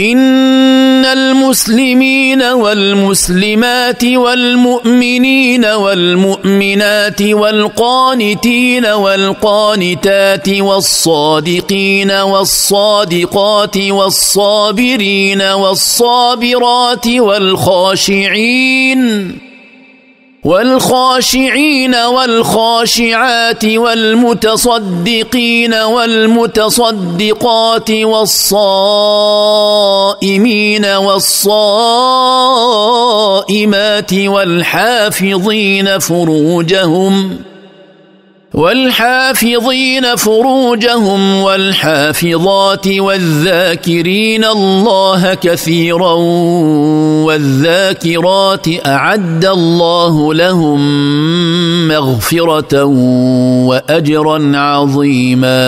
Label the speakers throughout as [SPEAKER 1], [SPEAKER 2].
[SPEAKER 1] ان المسلمين والمسلمات والمؤمنين والمؤمنات والقانتين والقانتات والصادقين والصادقات والصابرين والصابرات والخاشعين والخاشعين والخاشعات والمتصدقين والمتصدقات والصائمين والصائمات والحافظين فروجهم والحافظين فروجهم والحافظات والذاكرين الله كثيرا والذاكرات اعد الله لهم مغفره واجرا
[SPEAKER 2] عظيما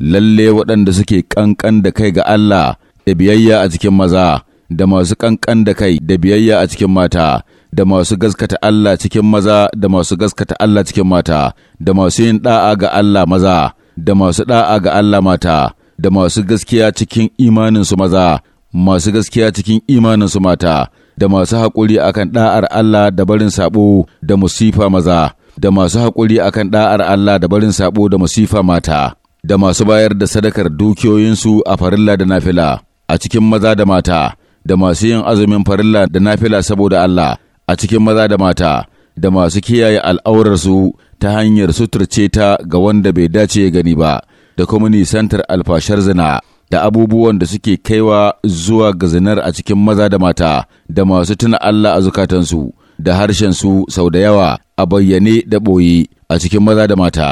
[SPEAKER 2] lalle waɗanda suke ƙanƙan da kai ga Allah da biyayya a cikin maza da masu ƙanƙan da kai da biyayya a cikin mata da masu gaskata Allah cikin maza da masu gaskata Allah cikin mata da masu yin ɗa'a ga Allah maza da masu ɗa'a ga Allah mata da masu gaskiya cikin imaninsu maza masu gaskiya cikin imaninsu mata da masu haƙuri akan ɗa'ar Allah da barin saɓo da musifa maza da masu haƙuri akan ɗa'ar Allah da barin saɓo da musifa mata da masu bayar da sadakar dukiyoyinsu a farilla da nafila a cikin maza da mata da masu yin azumin farilla da nafila saboda Allah a cikin maza da mata da masu kiyaye al'aurarsu ta hanyar suturce ta ga wanda bai dace gani ba da kuma nisantar alfashar zina da abubuwan da suke kaiwa zuwa ga zinar a cikin maza da mata da masu tuna Allah a zukatansu da harshensu sau da yawa a bayyane da ɓoye a cikin maza da mata.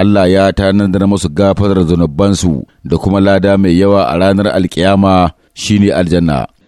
[SPEAKER 2] Allah ya tanadar musu gafarar zunubansu da kuma lada mai yawa a ranar alkiyama shine aljanna.